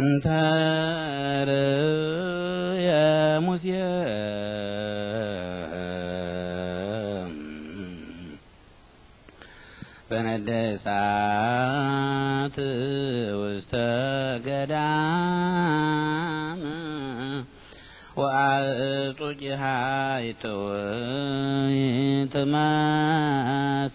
እንተ ሙሴ በነደ እሳት ውስተ ገዳም ወአጡ ጭሃ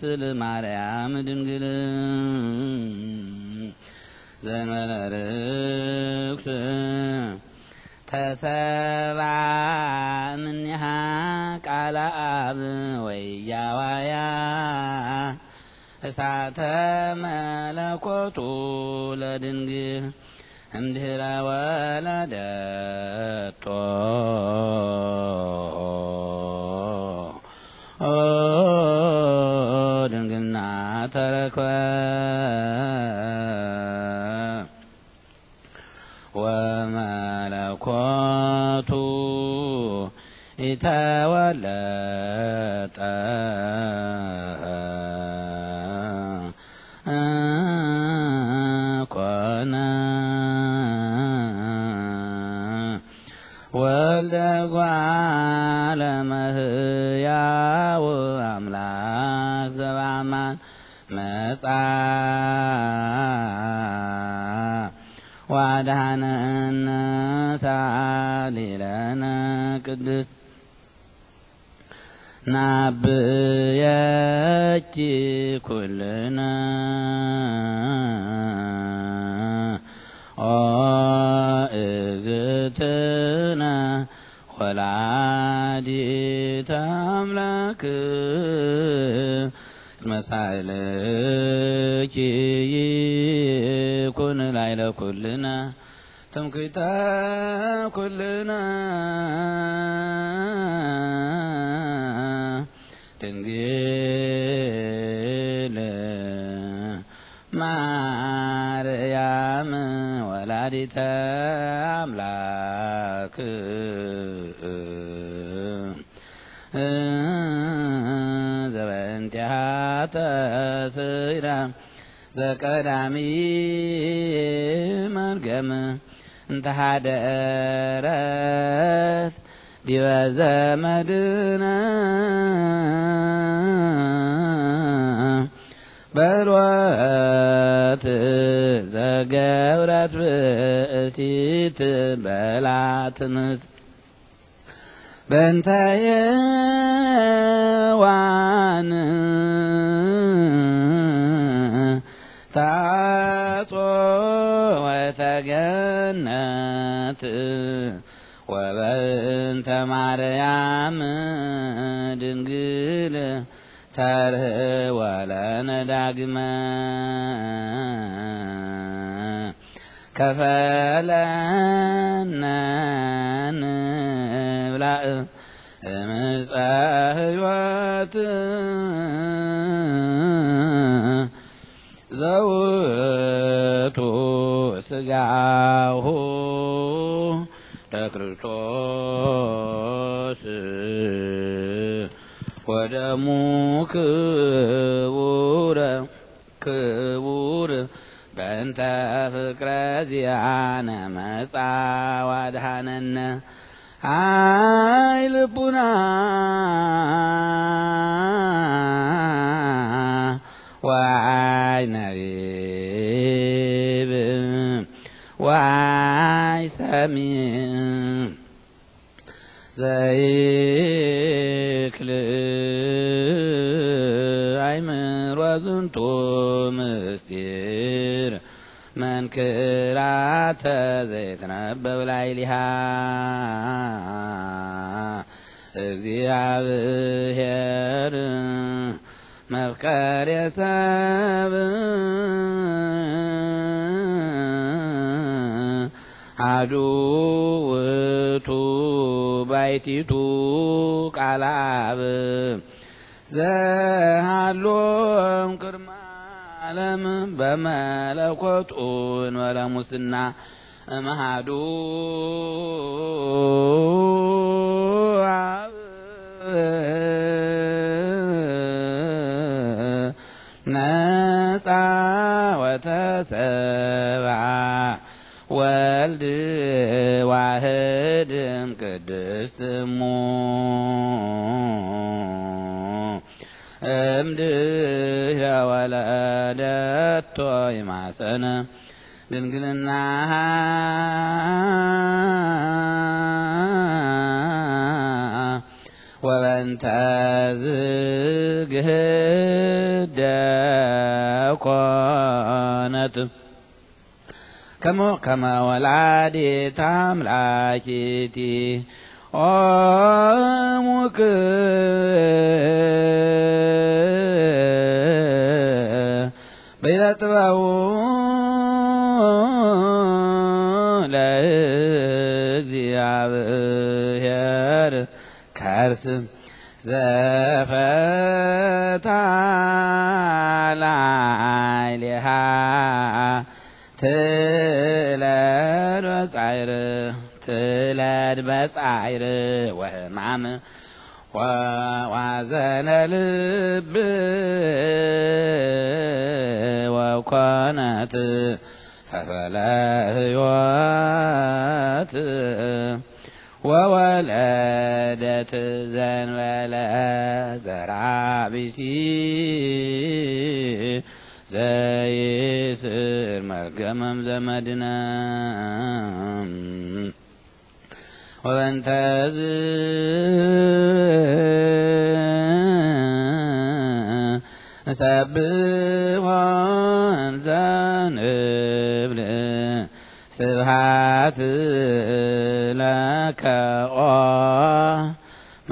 እምትመስል ማርያም ድንግል ዘመነ ርኩስ ተሰባ እምኔሃ ቃለ አብ ወያዋያ እሳተ መለኮቱ ለድንግል እምድኅረ ወለደቶ أتيت ولا ናብያቺ ኩልነ እግትነ ወላዲተ አምላክ መሳለች ይኩን ላይለ ኩልነ ትምክተ ኩልና ድንግል ማርያም ወላዲተ አምላክ ዘበንቲሃ ተስይራ ዘቀዳሚ መርገም እንተሃደረት ዲበ ዘመድነ ዘገብረት ብእሲት በላትንስ በእንተ ታጾ ወተገነት ወበእንተ ማርያም ድንግል ተርህ ለነ ዳግመ ከፈለነ ብላ እምፀ ዘውቱ ስጋሁ تكرتوس ودمو كبور كبور بنت فكر زيان مسا ودهنن هاي لبنا وعين نبيب ወአይሰሚዕ ዘይክል አእምሮ ዝንቱ ምስጢር መንክራተ ዘይትነበብ ላዕሊሃ እግዚአብሔር መፍቀሬ ሰብ አዱ ውቱ ባይቲቱ ቃላብ ዘሃሎም ቅድመ ዓለም በመለኮቱን ወለሙስና እምሃዱ አብ ወተሰብአ ወልድ ዋህድም ቅድስት እሙ እምድኅረ ወለደቶ ይማፀነ ድንግልና ወበንተ ዝግህደ ኮነት كما كما تام أملاكتي أمك بيتبعو لእግዚአብሔር ከርስም ዘፈታ ላዕሌሃ ትላድ በጻይር ትላድ በጻይር ወህማም ዋዘነ ልብ ወኮነት ፈፈለ ህይወት وولدت زنبلة زرع بسي ዘይስር መልከመም ዘመድና ወበንተዝ እሰብሖን ዘንብል ስብሃት ለከ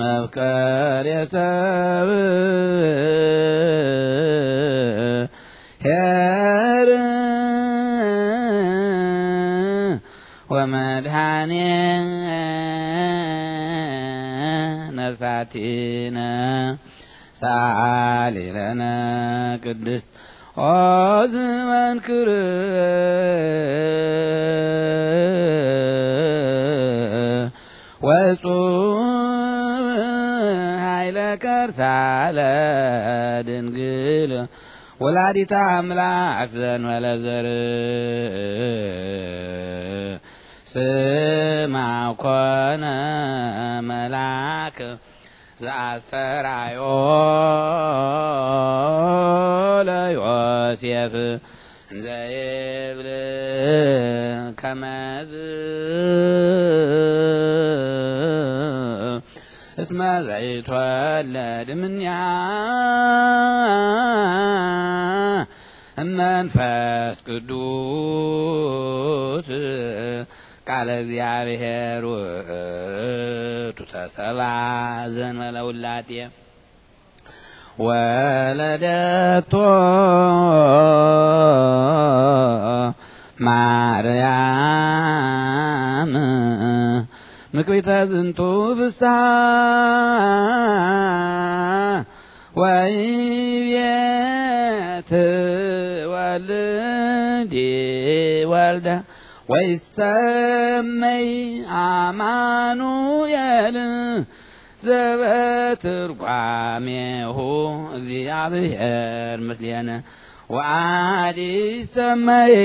መብቀል የሰብእ ነፍሳቲነ ሳዓሊ ለነ ቅድስት ኦዝመንክር ወጹም ኃይለ ከርሳለ ድንግል ወላዲታ አምላክ ዘንበለ ዘር ስማ ኮነ መላክ ዘአስተራዮ ለዮሴፍ ከመዝ እስመ ዘይትወለድ ቅዱስ ቃለ እግዚአብሔር ውእቱ ተሰባ ዘእንበለ ውላጤ ወለደቶ ማርያም ምክቢተ ዝንቱ ፍስሐ ወይቤት ወልዲ ወልደ ወይሰመይ አማኑኤል ዘበትርጓሜሁ እግዚአብሔር ምስሌነ ወአዲ ሰመይ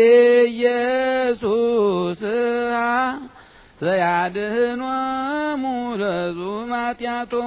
ኢየሱስ ዘያድህኖ ሙለዙ ማትያቶሙ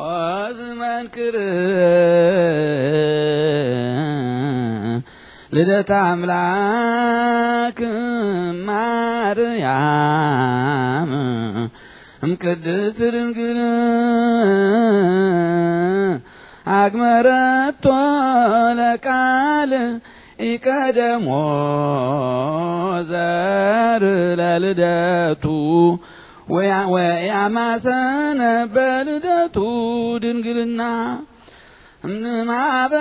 ወዝመንክር ልደት አምላክ ማርያም እምቅድስት ድንግል አግመረቶ ለቃል ይቀደሞ ዘር ለልደቱ ወያማሰነ በልደቱ ድንግልና እምንማበ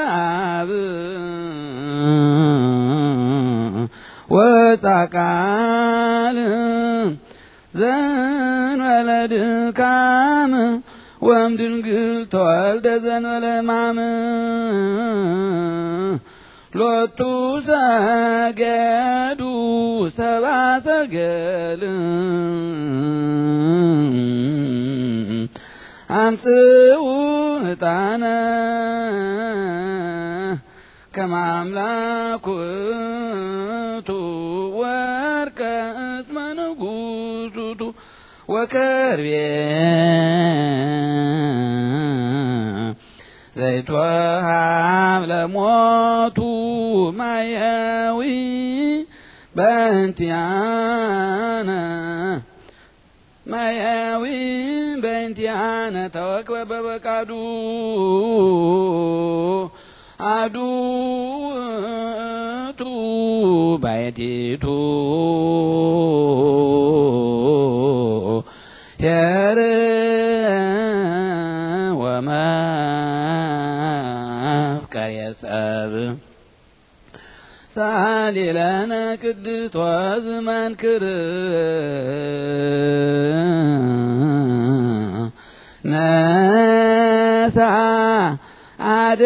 ወጻቃል ዘንበለ ድካም ወም ድንግል ተወልደ ዘንበለ ማም ሎቱ ሰገዱ ሰባ ሰገል አንጽኡ ዕጣነ ከማምላኩቱ ወርቀ እስመ ወከርቤ ዘይትወሃብ ለሞቱ ማያዊ በእንቲአነ ማያዊ በእንቲአነ ተወክበ በበቃዱ አዱ ቱ ባይቲቱ ሄር ወመፍቀር የሰብ ለነ ሳሊላነ ቅድስት ክር ነሳ አደ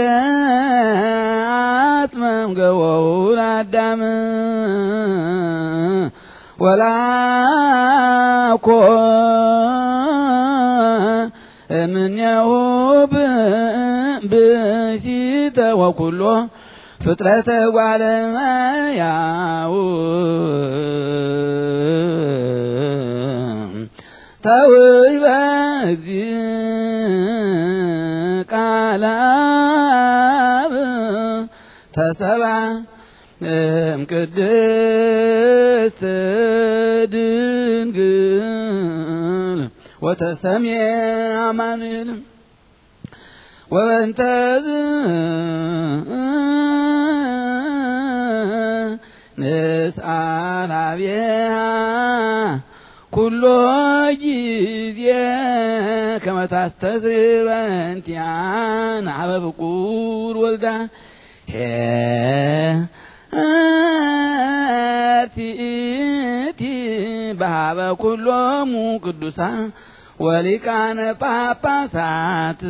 አጽመም ገወውል አዳም ወላኮ እምኔሁ ብእሲተ ወኩሎ ፍጥረተ ጓለመያው ተውይ በእግዚ ቃላብ ተሰባ እምቅድስት ድንግል ወተሰምየ አማኑኤል ወበእንተ ምስአን አብየሃ ኩሎ ጊዜ ከመታስተስርበንቲያን አበ ፍቁር ወልዳ ሄርቲ በሃበ ኩሎሙ ቅዱሳ ወሊቃነ ጳጳሳት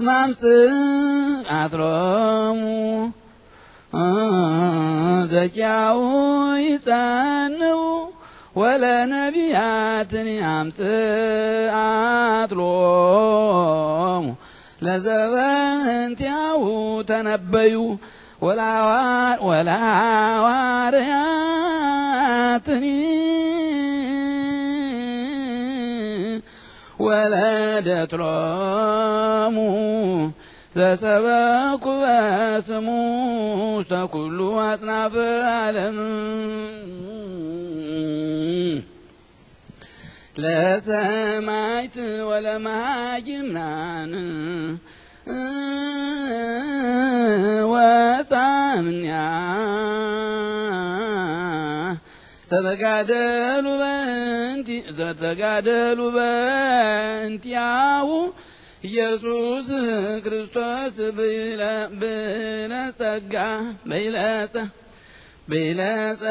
እስማምፅ አትሮሙ ዘኪያው ይጸንው ያምፅ አትሎሙ ለዘበንቲያው ተነበዩ ወላዋርያትን ወለደት ሎሙ ዘሰበኩ በስሙ ውስተ ኩሉ አጽናፈ ዓለም ለሰማይት ወለመሃይምናን ወጻምንያ ስተመጋደሉ በ ዘተጋደሉ በእንቲያው ኢየሱስ ክርስቶስ ብለጸጋ ብለጸ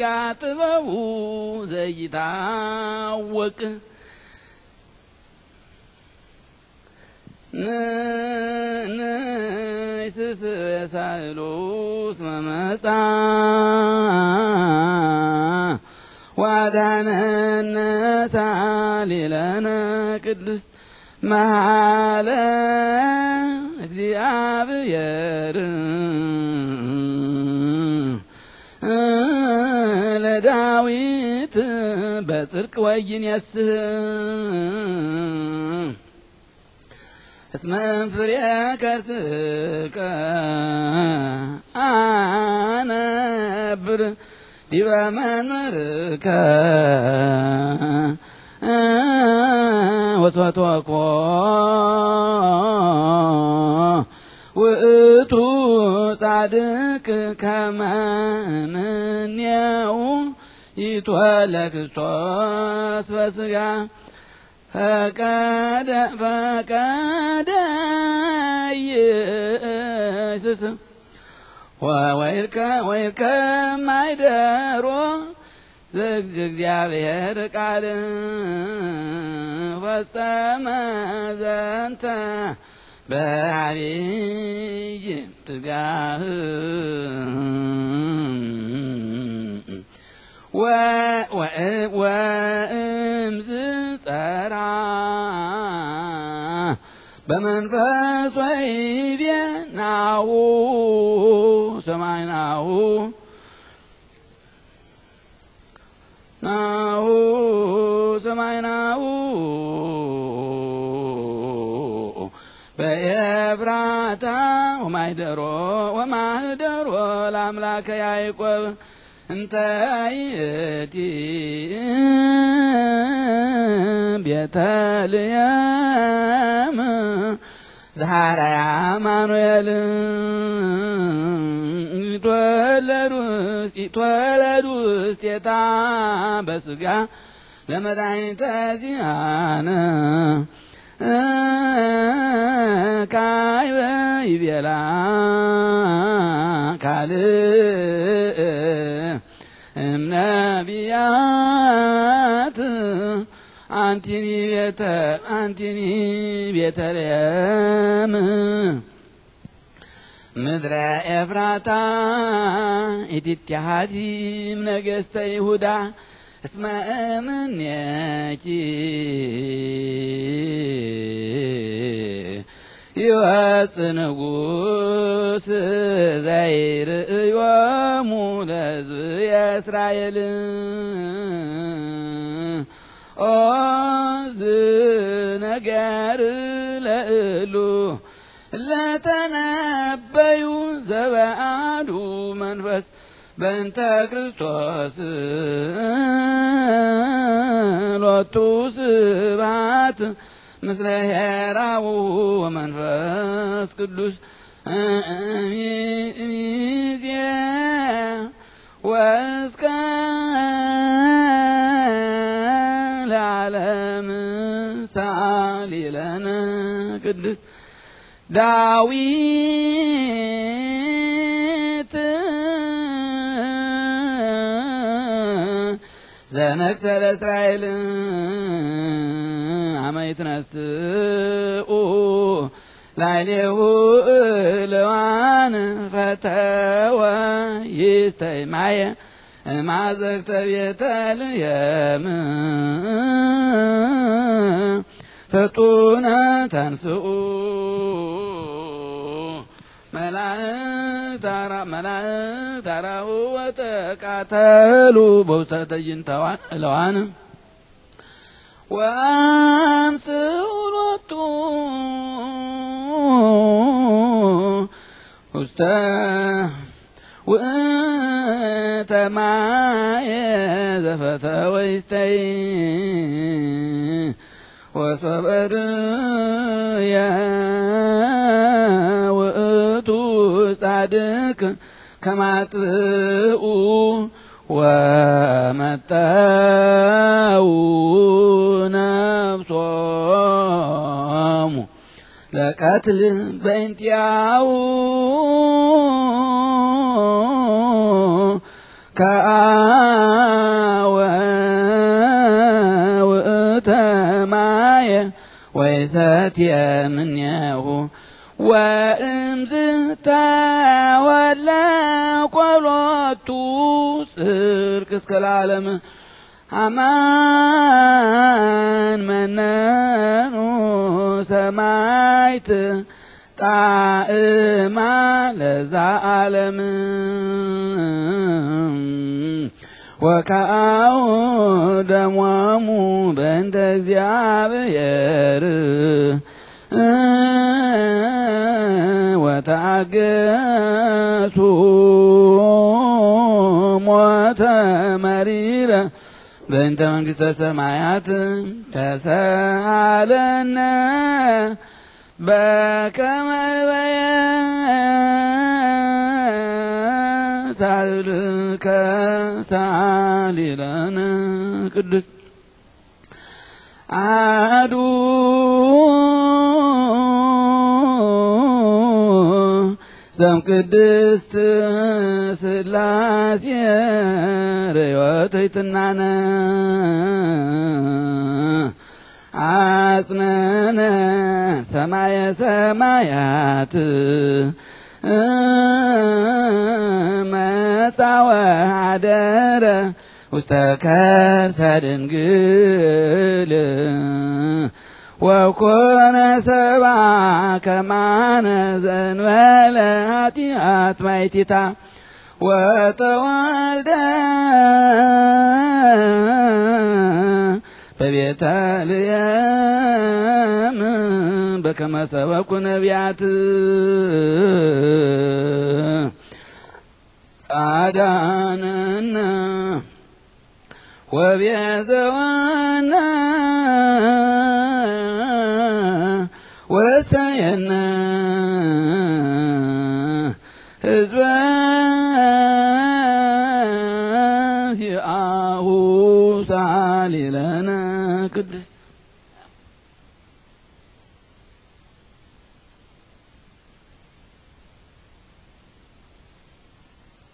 ብለጸጋ ጥበቡ ዘይታወቅ ነ ሳይሉ እስመ መጻ ዋዳነነ ሳሊለነ ቅዱስ መሃለ እግዚአብሔር ለዳዊት በጽርቅ ወይን ያስህ እስመ ፍሬ ከርስከ አነብር ዲበ መንበርከ ወስዋትዋቆ ውእቱ ጻድቅ ከመ ምንያው ይትወለክስቶስ በስጋ ፈቀደ ፈቀደ ኢየሱስ ወይርከ ወይርከ ማይደሮ ዘእግዚአብሔር ቃል ፈጸመ ዘንተ በአብይ ትጋህ ወእምዝ ጠራ በመንፈስ ወይቤናሁ ሰማይናሁ ናሁ ሰማይናሁ በኤፍራታ ወማይደሮ ወማህደሮ ለአምላከ ያዕቆብ እንተ ቤተ ልያም ዛራ አማኑኤል ይትወለድ ውስቴታ በስጋ ለመድኃኒተ ዚአነ ካይበ ይቤላ ካል እምነቢያት አንቲኒ ቤተ አንቲኒ ቤተልሔም ምድረ ኤፍራታ ኢቲትሃዲም ነገስተ ይሁዳ እስመ እምኔኪ ይወፅ ንጉሥ ዘይርእዮሙ ለዝ የእስራኤልን ዝነገር ለእሉ ለተነበዩ ዘበአዱ መንፈስ በእንተ ክርስቶስ ሎቱ ስብሐት ምስለ ሄራው መንፈስ ቅዱስ ሚዜ ወስካ ቅዱስ ዳዊት ዘነሰለ እስራኤል አመይትነስኡ ላይሌሁ ልዋን ፈተወ ይስተይማየ ማዘግተቤተልየም ፍጡነ ተንስኡ መላእክት አራኡ ወተቃተሉ በውስተ ትዕይንተ እለዋን ወአምስኡ ሎቱ ውስተ ውእተ ማየ ዘፈተ ወይስተይ ወሰበርያ ውእቱ ጻድቅ ከማጥኡ ወመጠው ነፍሶሙ ለቀትል በእንቲያው ከአወ ወይሰትየምኔሁ ወእምዝታወላ ቆሎቱ ጽርቅ እስከ ለዓለም አማን መነኑ ሰማይት ጣእማ ለዛ ዓለም ወካው ደሟሙ በእንተ እግዚአብሔር ወተአገሱ ሞተ መሪረ በእንተ መንግሥተ ሰማያት ተሰአለነ በከመ ሳልከ ሳሊለነ ቅዱስ አዱ ሰም ቅድስት ስላሴ ርእዮትይትናነ አጽነነ ሰማየ ሰማያት መጻወ አደረ ውስተ ከርሰ ድንግል ወኮነ ሰባ ከማነ ዘንበለ ኃጢአት ማይቲታ ወተወልደ በቤተ ልየም በከመ ሰበኩ ነቢያት አዳነነ ወቤዘወነ ወረሰየነ